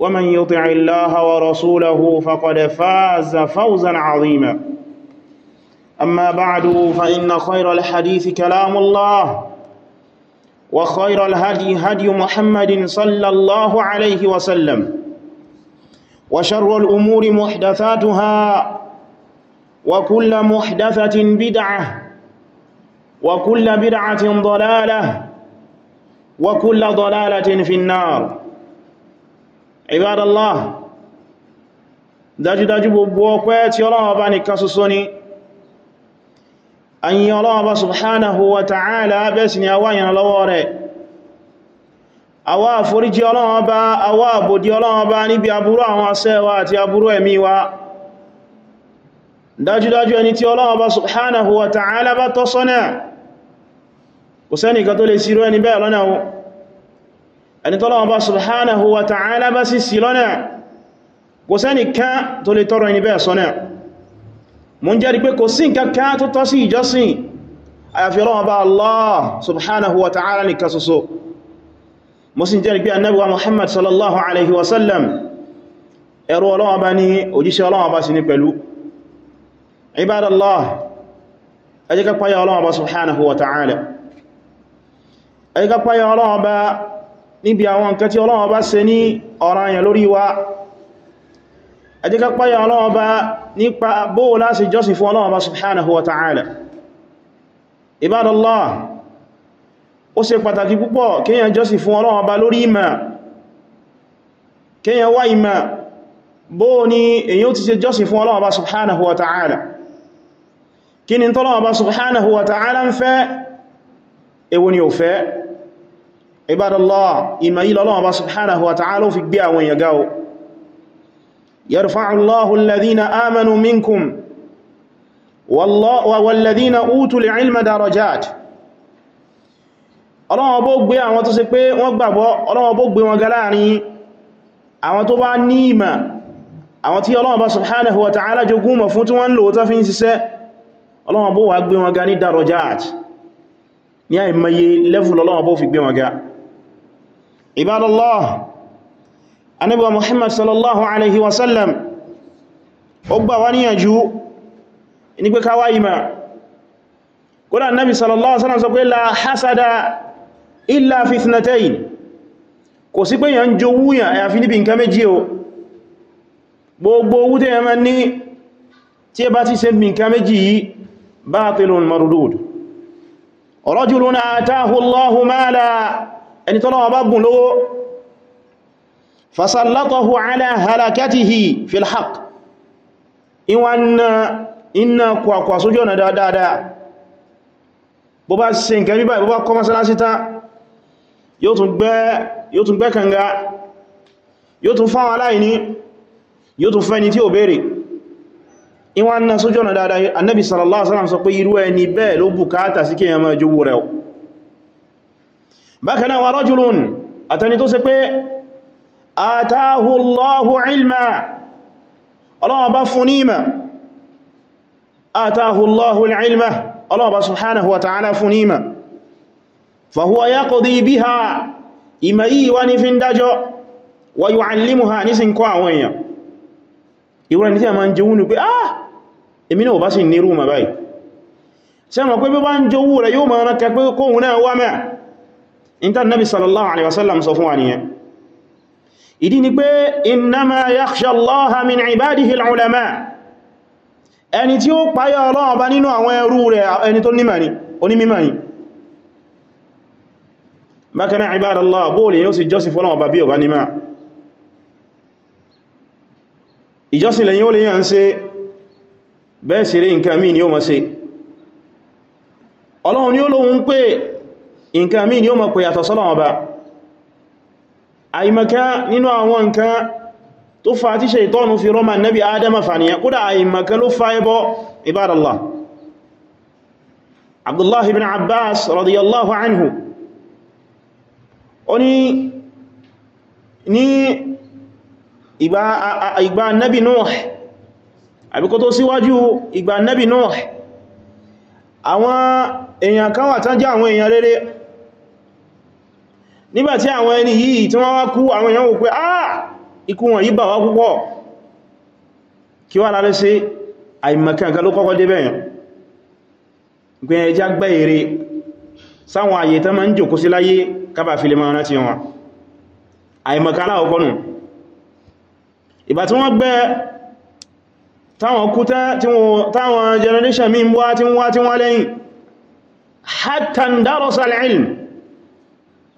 ومن يطع الله ورسوله فقد فاز فوزا عظيما أما بعد فإن خير الحديث كلام الله وخير الهدي هدي محمد صلى الله عليه وسلم وشر الأمور محدثاتها وكل محدثة بدعة وكل بدعة ضلالة وكل ضلالة في النار ibadallah dájúdájú gbogbo ọpẹ́ tí Ọlọ́run Ọba nìkan ṣoṣo ni an yi Ọlọ́run Ọba subhanahu wa ta'ala bẹ́ẹ̀ ni awa yana lọ́wọ́ rẹ̀ awa àforíjì Ọlọ́run Ọba àwa àbòdí Ọba níbi aburú àwọn asẹ́wà àti aburú ẹ̀mí wa dájúdájú ẹni tí Ọba subhanahu wa ta'ala bá ẹni tọ́lọ́wọ́n bá subhanahu wa ta'ala bá sí sí lọ́nà kò sẹ́ni ká tó lè tọrọ ẹni bẹ́ẹ̀ sọ́nà mú ń jẹ́rí pé kò sí nǹkan ká tó tọ́ sí ìjọsìn àyàfi Ọlọ́run bá Allah subhanahu wa ta'ala ní kasoso mú sí jẹ́rí pé annabi wa Muhammad sallallahu alaihi wasallam ẹrú bá níbi àwọn nǹkan tí Ọlọ́run bá ṣe ní ọ̀ranyàn lórí wa ẹ jẹ́ ká páyà Ọlọ́run bá nípa bó láti jọ́sìn fún Ọlọ́run bá subhanahu wa ta'ala ibadallah ó ṣe pàtàkì púpọ̀ kíyàn jọ́sìn fún Ọlọ́run bá lórí ìmọ̀ kíyàn wá ìmọ̀ bó ni èyí ó ti ṣe jọ́sìn fún Ọlọ́run bá subhanahu wa ta'ala kí ni tọ́lọ́run bá subhanahu wa ta'ala ń fẹ́ èwo ni ò fẹ́ ibadallah ìmọ̀ yí lọ́lọ́wọ́ bá subhanahu wa ta'ala fi gbé àwọn èèyàn gáwó yarfa'ullahu alladhina amanu minkum walladhina utul ilma darajat ọlọ́wọ́ bó gbé àwọn tó ṣe pé wọ́n gbàgbọ́ ọlọ́wọ́ bó gbé wọn ga láàrin àwọn tó bá ní ìmọ̀ àwọn tí ọlọ́wọ́ bá subhanahu wa ta'ala jogún mọ̀ fún tí wọ́n lò tó ibadallah ànábì wa muhammad sallallahu alaihi wasallam ó gbà wá níyànjú ní pé káwá ìmá kódà nábi sallallahu alaihi wasallam sọ pé la hasada illa fi ithnatayn kò sí pé yàn jọ wúyàn àyàfi níbi nǹkan méjì o gbogbo owó tẹ́yàn máa ní tí ẹ bá ti ṣe nǹkan méjì yìí batilun mardud rajulun atahu Allahu mala ẹni tọ́lọ́wọ́ bá gùn lówó fasallatahu ala halakatihi fil haqq iná kwàkwà sójú ọ̀nà dáadáa bó bá ṣe nǹkan bíbá ìbó bá kọ́ mọ́sálásí ta yóò tún gbẹ́ kànga yóò tún fáwọn aláìní yóò tún fẹ́ni tí ó béèrè ìwọ̀n náà sójú ọ̀nà dáadáa annabi sallallahu alaihi sọ pé irú ẹni bẹ́ẹ̀ ló bùkátà sí kí èèyàn bákanáà wà rajulun àtẹni tó ṣe pé atahu Allahu ilma ọlọ́wọ́ bá fún níma atahu Allahu ilma ọlọ́wọ́ bá subhanahu wa ta'ala fún níma fahuwa yaqdi biha ìmọ̀ yìí wá ní fi ń dájọ́ wa yu'allimuha nísìn kọ́ àwọn èèyàn ìwọ̀n ní tí a máa ń inta nabi sallallahu alaihi wasallam sọ fún wa nìyẹn ìdí ni pé innama yakhsha allaha min ibadihi al-ulama ẹni tí ó páyà Ọlọ́run bá nínú àwọn ẹrú rẹ̀ ẹni tó nímọ̀ ni onímímọ̀ ni bákan náà ibadallah bóòlì yóò sì jọ́sìn fọ́lọ́wọ́ bá bí ọba nímọ̀ ìjọsìn lẹ́yìn ó lè yàn ṣe bẹ́ẹ̀ sí rí nǹkan mí ni ó mọ́ ṣe Ọlọ́run ni ó lóhun pé nǹkan míì ni ó mọ̀ pé yàtọ̀ sọ́lọ̀ ọba àìmọ̀ká nínú àwọn nǹkan tó fa tí ṣe ìtọ́nù fi rọ́mà nẹ́bí adama fàníyàn kódà àìmọ̀ká ló fa ẹbọ ibadallah abdullahi ibn abbas radiyallahu anhu ó ní ní ìgbà nẹ́bí Nuh àbíkó tó síwájú ìgbà nẹ́bí Nuh àwọn èèyàn kan wà tán jẹ́ àwọn èèyàn rere nígbàtí àwọn ẹni yìí tí wọ́n wá kú àwọn èèyàn wò pé ah ikú wọn yìí bà wá púpọ̀ kí wá lálẹ́ sí àìmọ̀kẹ́ǹkan ló kọ́kọ́ débẹ̀ yàn gbẹ̀yàn ẹjá gbẹ́ èrè sáwọn àyè tán máa ń jòkó sí láyé kábà fi lè máa rántí táwọn kú táwọn generation mi ń wá tí wọ́n lẹ́yìn hatan darasa al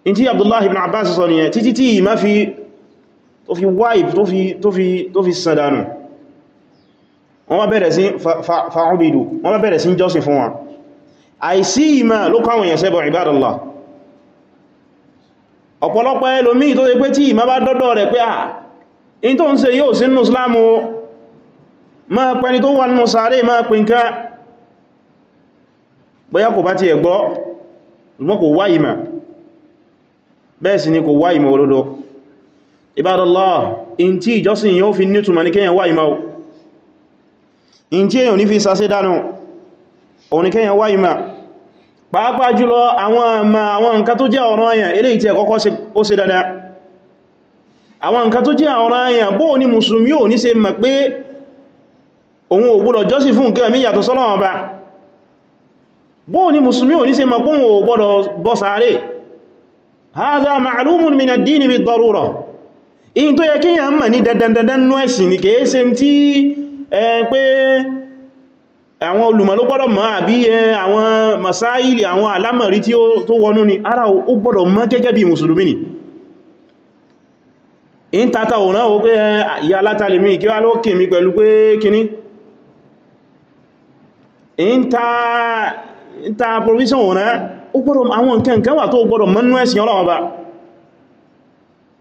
in tí Abdullah ibn Abbas sọ nìyẹn títí tí ma fi tó fi wáìb tó fi sàdánù wọ́n wá bẹ̀rẹ̀ sí fa'ubidu wọ́n wá bẹ̀rẹ̀ sí jọ́sìn fún wọn àìsí ìmá ló kọ́ àwọn èèyàn ṣẹbọ ibadallah ọ̀pọ̀lọpọ̀ ẹlòmí tó ṣe pé tí ìmá bá dọ́dọ̀ rẹ̀ pé à in tó ń ṣe yóò sínú islamu ma pẹni tó wà nínú sàárè ma pín ká bóyá kò bá ti ẹ̀gbọ́ ṣùgbọ́n kò wá ìmá bẹ́ẹ̀ ni kò wá ìmọ̀ olódó Ibadallah in tí ìjọsìn yóò fi nítumọ̀ ní kíyàn wá ìmọ̀ in tí èyàn ní fi sasé dánú oníkíyàn wá ìmọ̀ pàápàá jùlọ àwọn àmà tó jẹ́ ọ̀rọ̀ àyàn ilé ìtẹ́ kọ́kọ́ ó dada nka to ni ò ní mọ̀ gbọ́dọ̀ هذا معلوم من mi بالضرورة in tó yẹ kí yàn mọ̀ ní dandandandan nú ẹ̀sìn ní kìí ṣe tí ẹ pé àwọn olùmọ̀ ló àbí àwọn masáìlì àwọn alámọ̀rí tí ó wọnú ni ara ó gbọ́dọ̀ mọ̀ gẹ́gẹ́ bí ni mi in ta provision ó gbọ́dọ̀ àwọn nǹkan wà tó gbọ́dọ̀ mọ́nú ẹ̀sìn ọlọ́wọ́ bá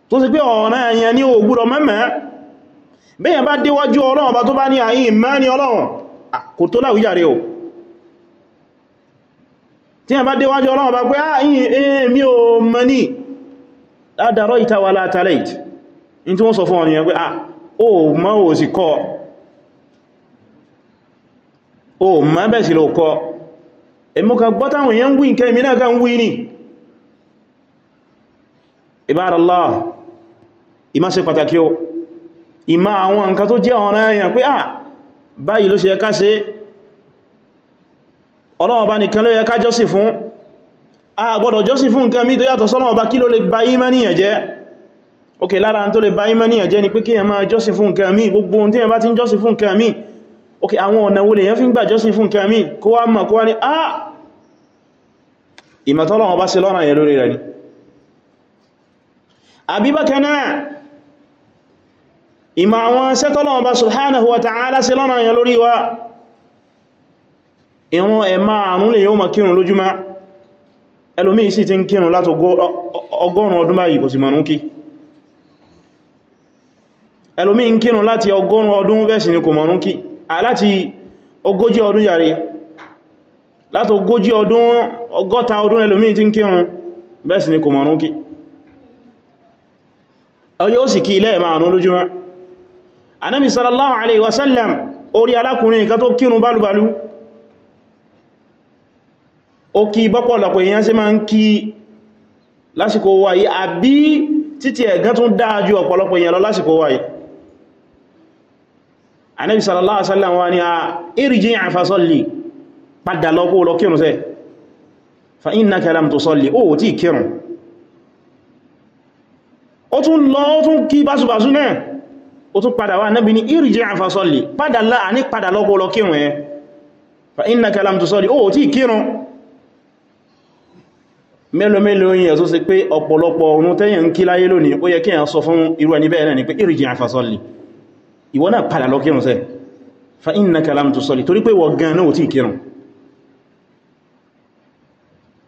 tó sì pé ọ̀nà ẹ̀yẹn ní ògbúrọ̀ mẹ́mẹ́ bẹ́yẹn bá déwájú ọlọ́wọ́ bá tó bá ní àyín mẹ́ni ọlọ́wọ́ kò tó láwíjàre o tí ẹ bá déwájú ọlọ́wọ́ bá pé àyín èmi ò mọ̀ ní ládàrọ́ ìtawà látàlẹ́ìt in tí wọ́n sọ fún ọ̀nìyàn pé à ó mọ́ ò sì kọ́ kọ́ èmi kan gbọ́ táwọn èèyàn ń wí nǹkan èmi náà kan ń wí ní ìbáraláà ìmá ṣe pàtàkì o ìmá àwọn nǹkan tó jẹ́ ọ̀rọ̀ èèyàn pé ah báyìí ló ṣe ká ṣe ọlọ́ọ̀bá nìkan ló yẹ jọ́sì fún a gbọ́dọ̀ jọ́sì fún nǹkan mi tó yàtọ̀ sọ́lọ́ọ̀bá ba ìmánìyàn jẹ́ ok lára tó lè ba ìmánìyàn jẹ́ ni pé kí ẹ máa jọ́sì fún nǹkan mi ok àwọn ọ̀nà wo lèyàn fi ń gbà jọ́sìn fún nǹkan mí kó wá mọ̀ kó wá ní ah ìmọ̀tọ́lọ́wọ́ bá ṣe lọ́nà yẹ lórí rẹ̀ ni àbíbákanáà ìmọ̀ àwọn sẹ́tọ́lọ́wọ́ bá subhanahu wa ta'ala ṣe lọ́nà yẹ lórí wa ìwọ̀n ẹ̀mà àrùn lè yóò mọ̀ kírùn lójúmá ẹlòmí sì ti ń kírùn láti ọgọ́rùn ọdún ọdún bẹ́ẹ̀ ni kò mọ̀ núkí láti ogójì ọdún yàrí láti ogójì ọdún ọgọ́ta ọdún ẹlòmí tí ń kírun bẹ́ẹ̀ sì ni kò mọ̀rún kí ọjọ́ ó sì kí ilẹ̀ márùn-ún lójúmọ́ anábi sallallahu alaihi wasallam orí alákùnrin kan tó kírun bálúbálú ó kí bọ́pọ̀lọpọ̀ èèyàn sí máa ń kí lásìkò wáyé àbí títí ẹ̀gán tún dáa ju ọ̀pọ̀lọpọ̀ èèyàn lọ lásìkò wáyé Ànábì sallallahu alaihi wasallam wá ní a ah, irji' fa salli padà lọ kó lọ kírun sẹ́ fa innaka lam tusalli ó tí kírun ó tún lọ ó tún kí básubásu náà ó tún padà wá Ànábì ní irji' fa salli padà lá àní padà lọ kó lọ kírun ẹ fa innaka lam tusalli ó tí kírun mélòó mélòó yìí ìwọ náà padà lọ kírùn sẹ́ fa innaka lam tusalli torí pé wọ́n gan náà tí kírùn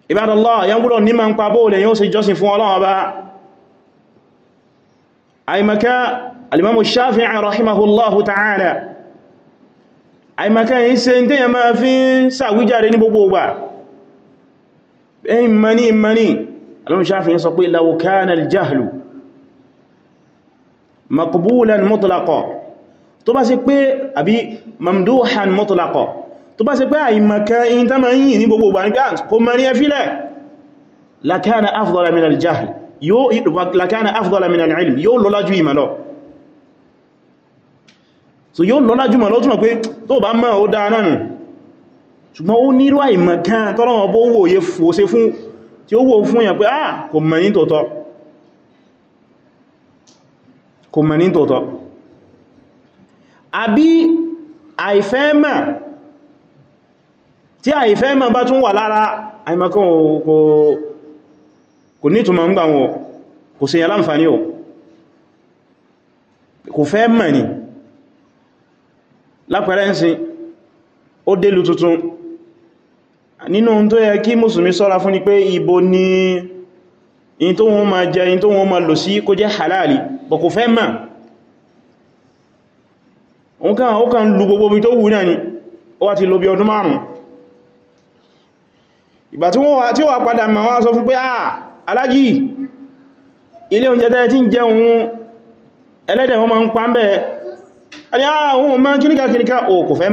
Ibadallah yán gúrò ní ma ń pa bóòlẹ̀ yóò ṣe jọ́sìn fún Ọlọ́run Ọba àìmaka alimamu Shafi'i rahimahullahu ta'ala àìmaka yìí tó bá ṣe pé àbí mamduhan mutlaqo tó bá ṣe pé àìmọ̀kan in tá ma ń yìn ní gbogbo ìgbà ní pé ah, kò mọ̀ ní ẹfílẹ̀ lakana afdala min al-jahl yóò lakana afdala min al-ilm yóò lọ́lájú ìmọ̀ lọ so yóò lọ́lájú mọ̀ lọ́túnmọ̀ pé tó bá mọ̀ ó dáa náà ṣùgbọ́n ó ah, kò mọ̀ ní tòótọ́ àbí àìfẹ́mà tí àìfẹ́mà bá tún wà lára àìmọ̀kan kò ní túnmọ̀ ń gbà wọn kò sí aláǹfàní o kò fẹ́ mọ̀ ní lápẹ̀rẹ́ ń sin ó délu tuntun nínú tó yẹ kí mùsùlùmí sọ́ra fún ni pé ibo ni in tó wọ́n ma jẹ in tó wọ́n ma lò sí kó jẹ́ halali bọ̀ kò fẹ́ mọ̀ òun kàn ó kàn lù gbogbo bí tó wù náà ni ó wá ti lò bí ọdún márùn-ún ìgbà tí ó wà padà mẹ́ wọ́n sọ fún pé àà ah, alájì ilé oúnjẹ tẹ́ẹ̀ tí ń jẹ ohun ẹlẹ́dẹ̀ wọ́n ma ń pa ń bẹ́ẹ̀ ẹni àwọn ah, ọmọ kíníkà kíníkà o kò fẹ́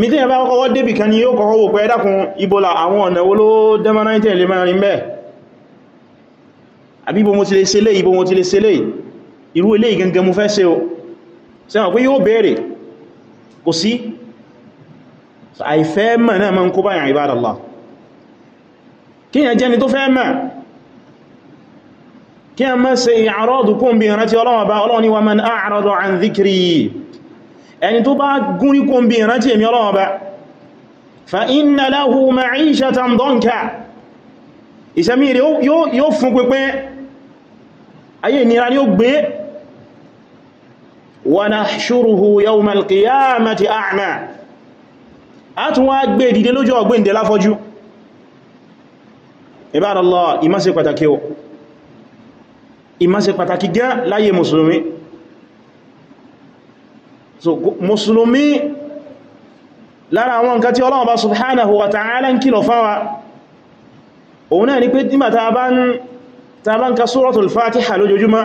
mi tí yẹn bá kọ́kọ́ débì kan ni yóò kọ́kọ́ wò pé ẹ́dàkùn ibola àwọn ọ̀nà wo ló dẹ́mọ́náìtẹ̀ lè mẹ́rin bẹ́ẹ̀ àbí ibo mo ti lè ṣe lè ibo mo ti lè ṣe lè irú ilé ìgangan mo fẹ́ ṣe o sẹ́wọ̀n pé yóò bèèrè kò sí àìfẹ́ ẹni tó bá gún ní kún bí ìrántí èmì ọlọ́wọ́ bá fa inna lahu ma'ishatan dọ́nkà ìṣẹ́mí rẹ̀ yóò fún pínpín ayé ìnira ni ó gbé wa nahshuruhu yawma al-qiyamati a'ma a tún wá gbé dìde lójú ọgbẹ́ndẹ̀ láfọ́jú ibadallah ìmá ṣe pàtàkì pàtàkì gẹ́ láyé mùsùlùmí so musulumi lára àwọn nǹkan tí Ọlọ́run bá subhanahu wa ta'ala ń kìlọ̀ fáwa òun náà ni pé dímà ta bá ń ka suratul fatiha lójoojúmọ́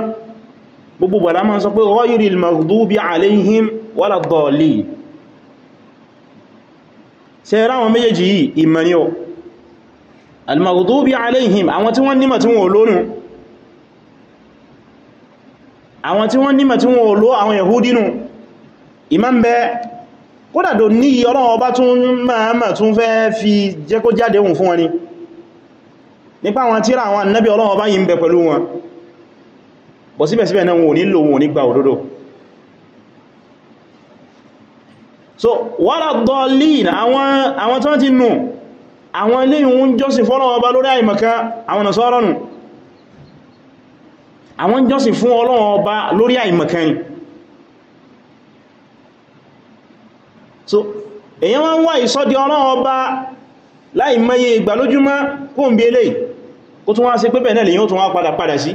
gbogbo bàlá máa sọ pé ghayril maghdubi alayhim waladdallin ṣe ráwọn méjèèjì yìí ìmàníọ̀ al alayhim àwọn tí wọ́n nímọ̀ tí wọ́n olónù àwọn tí wọ́n nímọ̀ tí wọ́n oló àwọn yahudinu ìmá ń bẹ kódàdó ní ọlọ́wọ́ bá tún máa mà tún fẹ́ fi jẹ́ kó jáde hùn fún wọn ni nípa àwọn tíra àwọn annabi ọlọ́wọ́ bá yìí ń bẹ pẹ̀lú wọn bọ̀ síbẹ̀síbẹ̀ náà wọn ò ní lò wọn ò ní gba òdodo so wọ́lá dọ́lín àwọn tó ti nù àwọn ilé ìwọ̀n jọ́sìn fọ́lọ́wọ́ bá lórí àìmọ̀ká àwọn nasọ́rọ̀nù àwọn jọ́sìn fún ọlọ́wọ́ bá lórí àìmọ̀ká ni so èyàn wọ́n ń wá ìsọ́dí ọlọ́run ọba láì mẹ́yẹ ìgbà lójúmọ́ kó ń bí eléyìí kó tún wá sí pé bẹ́ẹ̀ náà lèyàn tún wá padà padà sí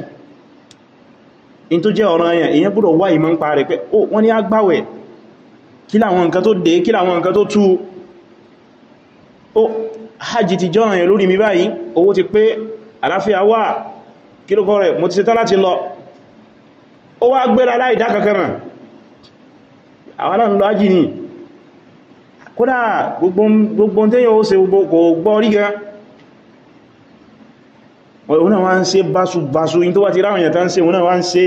in tó jẹ́ ọ̀ràn èyàn èyàn gbọ́dọ̀ wá ìmọ̀ ń pa rẹ̀ pé ó wọ́n ní agbáwẹ̀ kí làwọn nǹkan tó dé kí làwọn nǹkan tó àwọn náà lọ ájì ni kódà gbogbo tẹ́yàn ó ṣe gbogbo gbọ́ rí gan òun náà wá ń ṣe báṣubáṣu in tó wá ti ráwọn èèyàn tán ṣe òun náà wá ń ṣe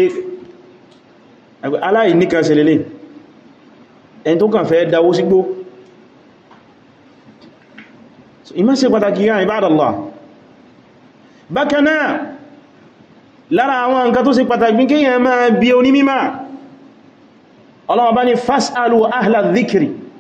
aláìníkan ṣe lélẹ̀ ẹni tó kàn fẹ́ dáwó sígbó ìmá ṣe pàtàkì yá ibadallah bákanáà lára àwọn nǹkan tó ṣe pàtàkì kíyàn máa bí onímímà ọlọ́wọ́ bá ní fas'alu ahla dhikri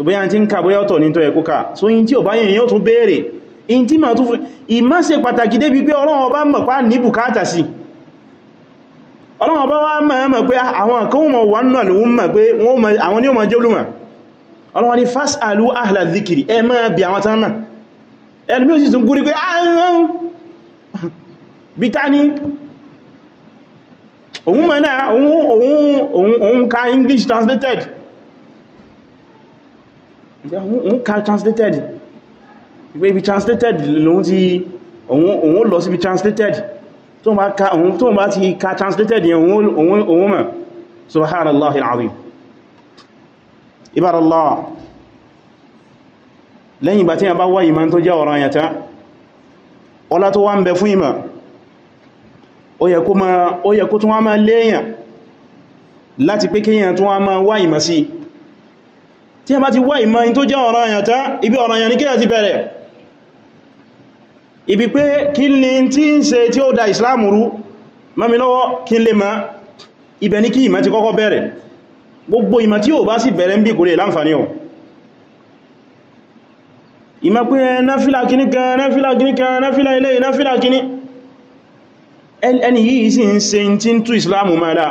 so bóyá tí ń ká bóyá ọ̀tọ̀ ní tó ẹ̀kú ká so yí tí ò bá yẹn yóò tún béèrè in tí ma tún fún ìmá ṣe pàtàkì débi pé Ọlọ́run ọba mọ̀ pá ní bùkátà sí Ọlọ́run ọba wá mọ̀ mọ̀ pé àwọn kan mọ̀ wà náà ló mọ̀ pé àwọn ni ó mọ̀ jẹ́ olùmọ̀ Ọlọ́run ni fas'alu ahla dhikri ẹ máa bi àwọn tán náà ẹlùmí ò sì tún gúrí pé ààrùn ah, bí tá ní òun mọ̀ náà òun ká English translated ń ka translated ìgbé ibi translated lòun ti òun lọ sí ibi translated tó bá ti ka translated yẹn òun mọ̀ subhanallah al'azim ibadallah lẹ́yìn bá tí a bá wá ìmọ̀ tó jẹ́ ọ̀rọ̀ àyàtá ọlá tó wá ń bẹ fún ìmọ̀ ó yẹ kó tún wá máa léèyàn láti pé kíyàn tún wá máa wá ìmọ̀ sí i tí a bá ti wá ìmọ̀ in tó jẹ́ ọ̀rọ̀ àyàn ibi ọ̀rọ̀ àyàn ní kí a ti bẹ̀rẹ̀ ibi pé kí ni tí ń ṣe tí ó da islam rú mami lọ́wọ́ kí n lè ma ibẹ̀ ní kí ìmọ̀ ti kọ́kọ́ bẹ̀rẹ̀ gbogbo ìmọ̀ tí ó bá sì bẹ̀rẹ̀ ń bí kò lè láǹfààní ọ̀ ìmọ̀ pé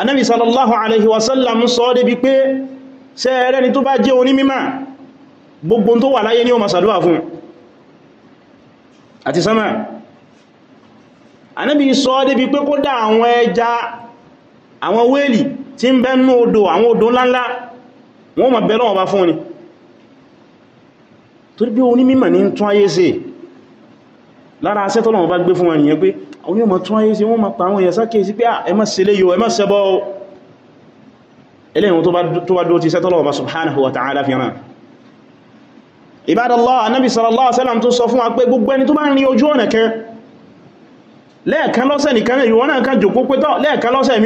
anábi sallallahu alaihi wasallam sọ débi pé sẹ́ẹ̀rẹ́ ni tó bá jẹ́ oní mímọ̀ gbogbo tó wà láyé ní ọmọ sàdúwà fún àti sánmà anábi sọ débi pé kódà àwọn ẹja àwọn wéèlì tí ń bẹ nú odò àwọn odò ńláńlá wọ́n mọ̀ bẹ̀rẹ̀ ọba fún ni torí bí oní mímọ̀ ní tún ayé sí lára asẹ́ tó lọ́wọ́ bá gbé fún wọn nìyẹn pé àwọn yóò mọ̀ tún ayé sí wọ́n ma pa àwọn ìyàsá kìí sí pé ẹ má ṣe léyò ẹ má ṣẹbọ eléyìn tó bá dúró ti sẹ́ tọ́lọ́wọ́ bá subhanahu wa ta'ala fi ràn ibadallah anabi sallallahu alaihi wasallam tó sọ fún wa pé gbogbo ẹni tó bá rin ojú ọ̀nà kan lẹ́ẹ̀kan lọ́sẹ̀ nìkan ìwọ náà kan jòkó pé tọ́ lẹ́ẹ̀kan lọ́sẹ̀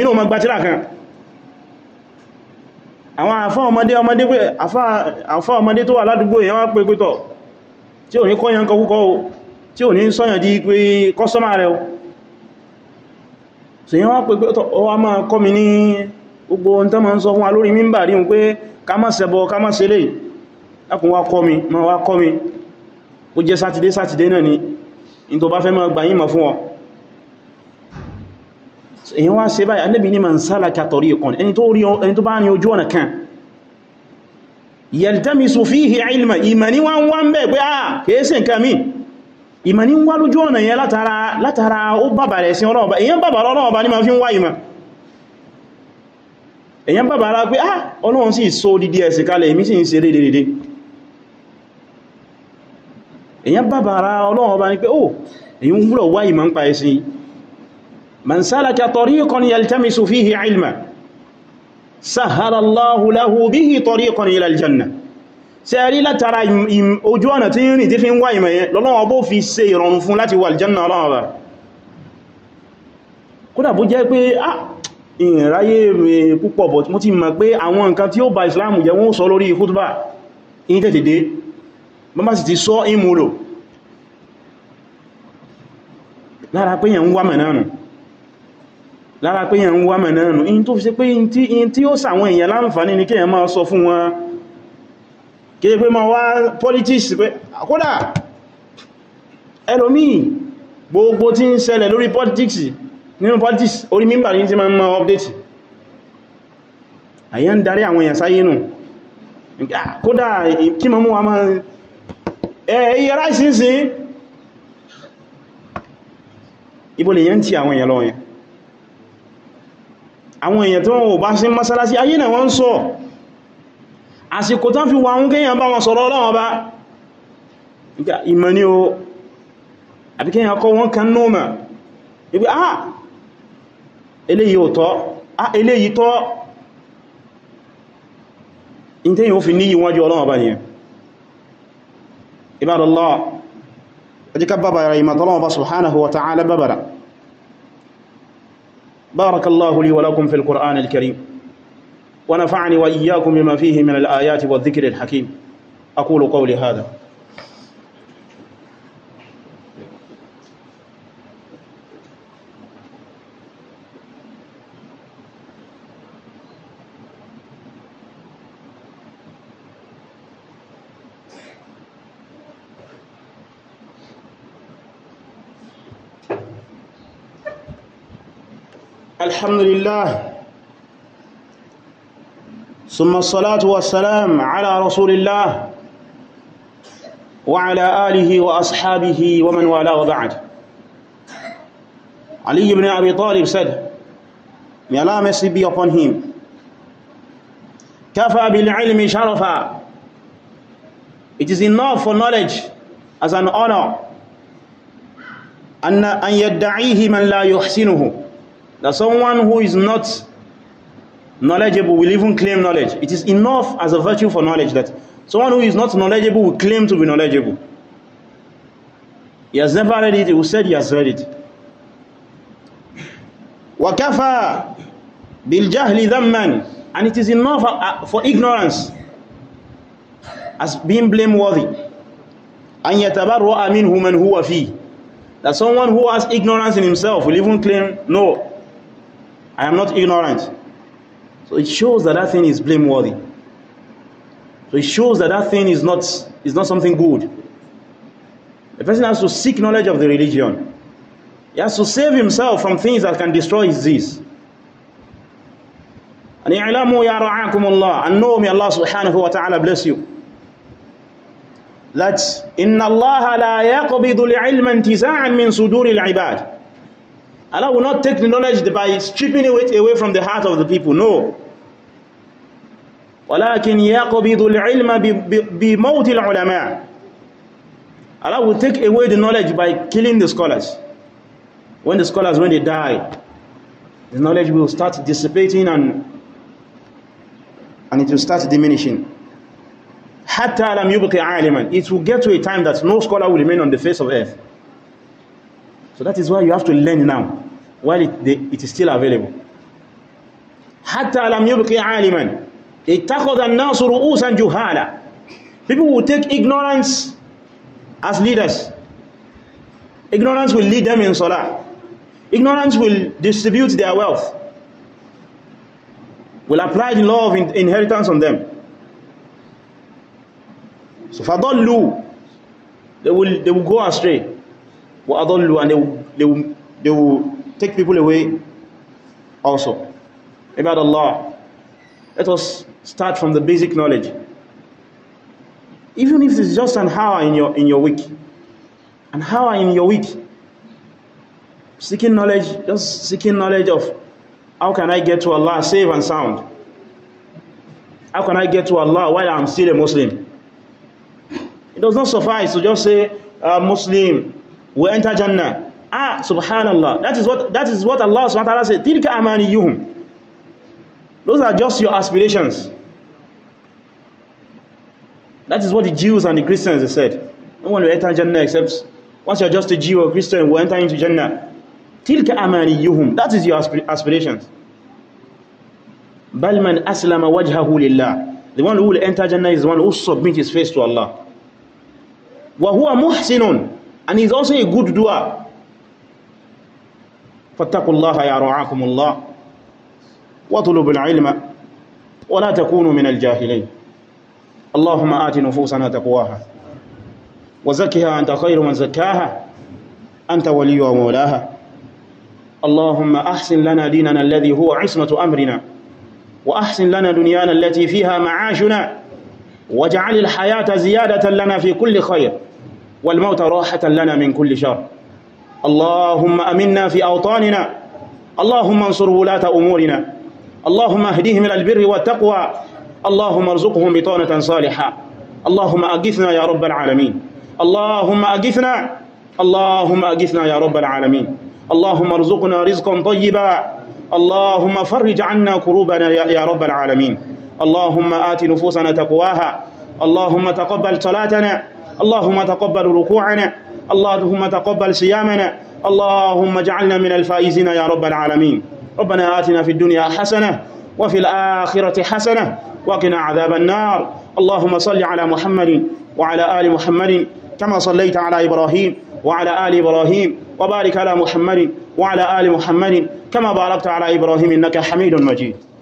tí ò kọ́ yẹn kọkúkọ́ tí ò ní sọ́yàn di pé kọ́sọ́mà rẹ̀ o so yí wọ́n pẹ̀ ó wá máa kọ́ mi ní gbogbo ohun ń sọ fún wa mímbà rí pé ká má lákùn kọ́ mi ma wá kọ́ mi ó jẹ́ sátidé sátidé náà ni in tó bá fẹ́ máa fún ọ ní wọ́n bẹ̀ pé ah, kèése nǹkan ìmọ̀ ní ń wá lójú ọ̀nà yẹn látara ó bàbà rẹ̀ sí ọlọ́ọ̀bá èyàn bàbà ọlọ́ọ̀bá ní ma fi ń wá ìmọ̀ èyàn bàbà rá pé ah ọlọ́run sì so dídí ẹ̀sì kalẹ̀ èmi sì ń ṣe dédédé èyàn bàbà rá ọlọ́ọ̀bá ní pé ó oh, èyàn wúlọ̀ wá ìmọ̀ ń pa ẹ̀sìn man salaka ṣe rí látara ojú ọ̀nà tí ń rìn tí fi ń wá ìmọ̀ yẹn lọ́lọ́wọ́ bó fi ṣe ìrọ̀rùn fún láti wà aljanna ọlọ́wọ́ bá kódà bó jẹ́ pé ah, ìráyé púpọ̀ bọ̀ mo ti mọ̀ pé àwọn nǹkan tí ó ba Islam jẹ́ wọ́n sọ lórí khutbah in tẹ́tẹ̀ dé bọ́n bá sì ti sọ ìmúlò lára pé yẹn ń wá mẹ̀nánù lára pé yẹn ń wá mẹ̀nánù in tó fi ṣe pé in tí ó sàwọn èèyàn láǹfààní ni kí yẹn máa sọ fún wọn kéde pé ma wá politics pé kódà ẹlòmíì gbogbo tí ń ṣẹlẹ̀ lórí politics nínú politics orí mímbà ní tí ma ń ma update àyẹ́ ń darí àwọn èèyàn sáyé nù kódà kí ma mú wa ma ẹ̀yẹ ráìsí sí ibo lè yẹn ti àwọn èèyàn lọ́wọ́ yẹn àwọn èèyàn tó wọ́n ò bá sí mọ́sálásí ayé náà wọ́n ń àsìkò tán fi wà ń kéyàn bá wọn sọ̀rọ̀ Ọlọ́run Ọba ìmọ̀ ní o àbí kéyàn kọ́ wọn kan nóòmà ibi ah eléyìí ò tọ́ ah eléyìí tọ́ in tẹ́yìn ó fi níyì wọ́n jù Ọlọ́run Ọba nìyẹn ibadallah ajika babara imadallah li wa lakum fil qur'an karim ونفعني وإياكم بما فيه من الآيات والذكر الحكيم أقول قولي هذا الحمد لله ثم الصلاة والسلام على رسول الله وعلى آله وأصحابه ومن والاه وبعد علي بن أبي طالب said, May Allah mercy be upon him. كفى بالعلم ilmi It is enough for knowledge as an honor. أن أن يدعيه من لا يحسنه. That someone who is not knowledgeable will even claim knowledge. It is enough as a virtue for knowledge that someone who is not knowledgeable will claim to be knowledgeable. He has never read it, he will say he has read it. وَكَفَى بِالْجَهْلِ ذَمَّنْ And it is enough uh, uh, for ignorance as being blameworthy. أَنْ يَتَبَرْوَأَ مِنْهُ مَنْ هُوَ فِيهِ That someone who has ignorance in himself will even claim, no, I am not ignorant. So it shows that that thing is blameworthy. So it shows that that thing is not, is not something good. A person has to seek knowledge of the religion. He has to save himself from things that can destroy his disease. And i'lamu ya ra'akumullah. And know me Allah subhanahu wa ta'ala bless you. That inna Allah la yaqbidu li'ilma intiza'an min suduri al Allah will not take the knowledge by stripping it away from the heart of the people. No. ولكن يقبض العلم بموت العلماء Allah will take away the knowledge by killing the scholars when the scholars when they die the knowledge will start dissipating and and it will start diminishing حتى لم يبقي عالما it will get to a time that no scholar will remain on the face of earth so that is why you have to learn now while it, the, it is still available حتى لم يبقي عالما ittakhadha an-nasu ru'usan juhala people will take ignorance as leaders ignorance will lead them in salah ignorance will distribute their wealth will apply the law of inheritance on them so fadallu they will they will go astray wa adallu and they will, they will, they will take people away also ibadallah Let us start from the basic knowledge. Even if it's just an hour in your, in your week, an hour in your week, seeking knowledge, just seeking knowledge of how can I get to Allah safe and sound? How can I get to Allah while I'm still a Muslim? It does not suffice to just say, uh, Muslim, we enter Jannah. Ah, subhanallah. That is what, that is what Allah subhanahu wa ta'ala said. Tilka amaniyuhum Those are just your aspirations. That is what the Jews and the Christians they said. No one will enter Jannah except once you're just a Jew or Christian, will enter into Jannah. Tilka yuhum. That is your aspir aspirations. Bal man aslama wajhahu lillah. The one who will enter Jannah is the one who submits his face to Allah. Wa huwa muhsinun. And he's also a good doer. Fattakullaha ya ra'akumullah. واطلبوا العلم ولا تكونوا من الجاهلين اللهم آت نفوسنا تقواها وزكها أنت خير من زكاها أنت ولي ومولاها اللهم أحسن لنا ديننا الذي هو عصمة أمرنا وأحسن لنا دنيانا التي فيها معاشنا واجعل الحياة زيادة لنا في كل خير والموت راحة لنا من كل شر اللهم أمنا في أوطاننا اللهم انصر ولاة أمورنا اللهم اهديهم الى البر والتقوى اللهم ارزقهم بطانة صالحة اللهم اجثنا يا رب العالمين اللهم اجثنا اللهم اجثنا يا رب العالمين اللهم ارزقنا رزقا طيبا اللهم فرج عنا كروبنا يا رب العالمين اللهم آت نفوسنا تقواها اللهم تقبل صلاتنا اللهم تقبل ركوعنا اللهم تقبل صيامنا اللهم اجعلنا من الفائزين يا رب العالمين ربنا آتنا في الدنيا حسنة وفي الآخرة حسنة وقنا عذاب النار اللهم صل على محمد وعلى آل محمد كما صليت على إبراهيم وعلى آل إبراهيم وبارك على محمد وعلى آل محمد كما باركت على إبراهيم إنك حميد مجيد